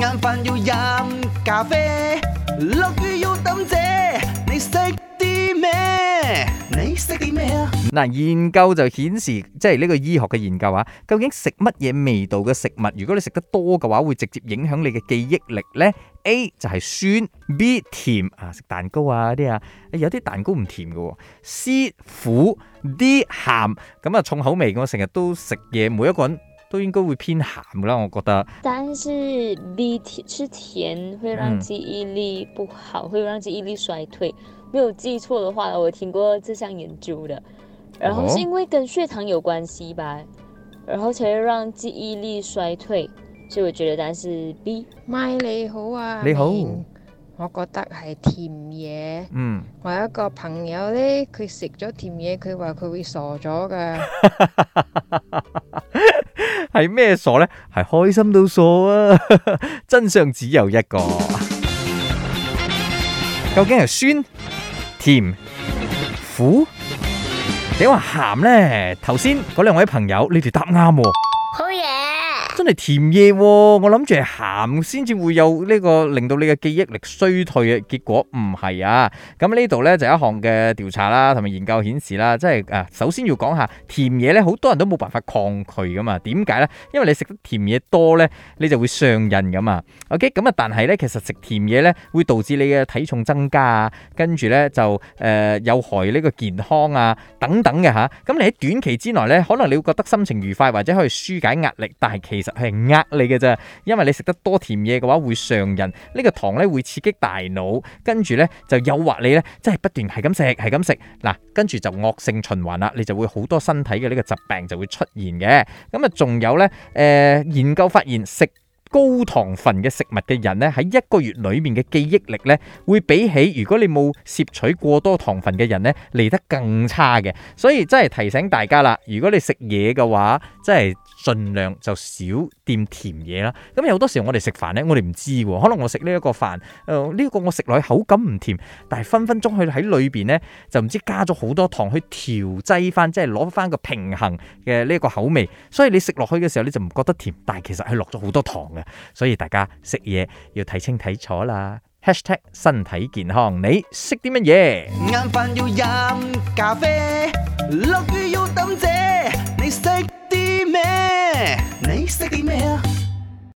晏飯要飲咖啡，落雨要等姐，你識啲咩？你識啲咩啊？嗱，研究就顯示，即係呢個醫學嘅研究啊，究竟食乜嘢味道嘅食物，如果你食得多嘅話，會直接影響你嘅記憶力咧？A 就係酸，B 甜啊，食蛋糕啊嗰啲啊，有啲蛋糕唔甜嘅。C 苦，D 鹹，咁啊重口味，我成日都食嘢，每一個人。都應該會偏鹹啦，我覺得。但是 B 吃甜會讓記憶力不好、嗯，會讓記憶力衰退。沒有記錯的話，我聽過這項研究的。然後是因為跟血糖有關係吧，哦、然後才會讓記憶力衰退。所以我覺得，但是 B，My 你好啊，你好。我覺得係甜嘢。嗯。我有一個朋友呢，佢食咗甜嘢，佢話佢會傻咗噶。 係咩傻咧？係開心到傻啊！真相只有一個。究竟係酸、甜、苦，你話鹹咧？頭先嗰兩位朋友，你哋答啱喎。好嘢。真係甜嘢、啊，我諗住係鹹先至會有呢個令到你嘅記憶力衰退嘅結果，唔係啊。咁呢度呢，就有、一項嘅調查啦，同埋研究顯示啦，即係啊，首先要講下甜嘢呢，好多人都冇辦法抗拒噶嘛。點解呢？因為你食得甜嘢多呢，你就會上癮噶嘛。OK，咁啊，但係呢，其實食甜嘢呢，會導致你嘅體重增加啊，跟住呢，就誒、呃、有害呢個健康啊等等嘅吓。咁、啊、你喺短期之內呢，可能你會覺得心情愉快或者可以舒解壓力，但係其實。係呃你嘅咋，因為你食得多甜嘢嘅話會上癮，呢個糖呢會刺激大腦，跟住呢就誘惑你呢真係不斷係咁食係咁食，嗱，跟住就惡性循環啦，你就會好多身體嘅呢個疾病就會出現嘅。咁啊，仲有呢？誒，研究發現食高糖分嘅食物嘅人呢，喺一個月裏面嘅記憶力呢，會比起如果你冇攝取過多糖分嘅人呢，嚟得更差嘅。所以真係提醒大家啦，如果你食嘢嘅話，真係。儘量就少掂甜嘢啦。咁有好多時候我哋食飯呢，我哋唔知喎。可能我食呢一個飯，誒、呃、呢、呢個我食落去口感唔甜，但係分分鐘去喺裏邊呢，就唔知加咗好多糖去調劑翻，即係攞翻個平衡嘅呢一個口味。所以你食落去嘅時候你就唔覺得甜，但係其實係落咗好多糖嘅。所以大家食嘢要睇清睇楚啦。#hashtag 身體健康你識啲乜嘢？晏飯要飲咖啡，落雨要擔遮。